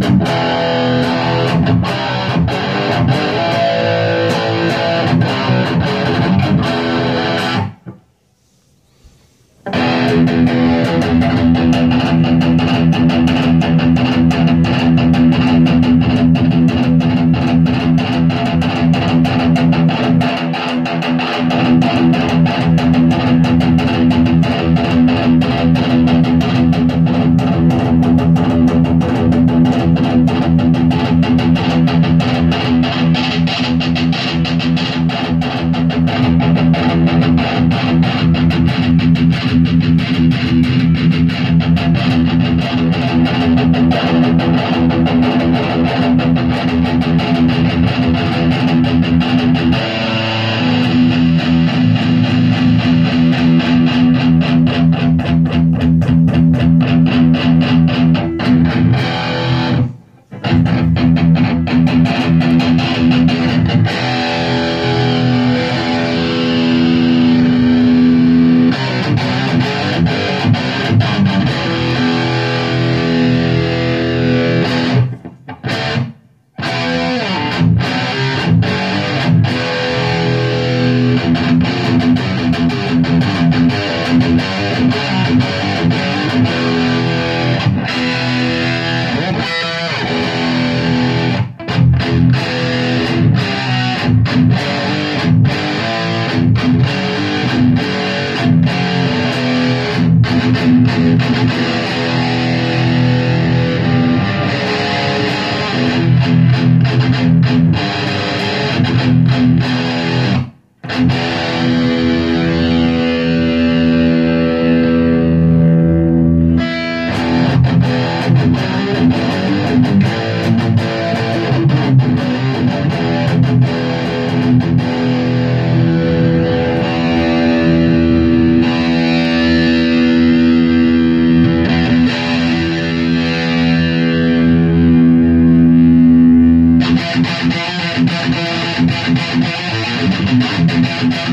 Thank you. Música Thank you.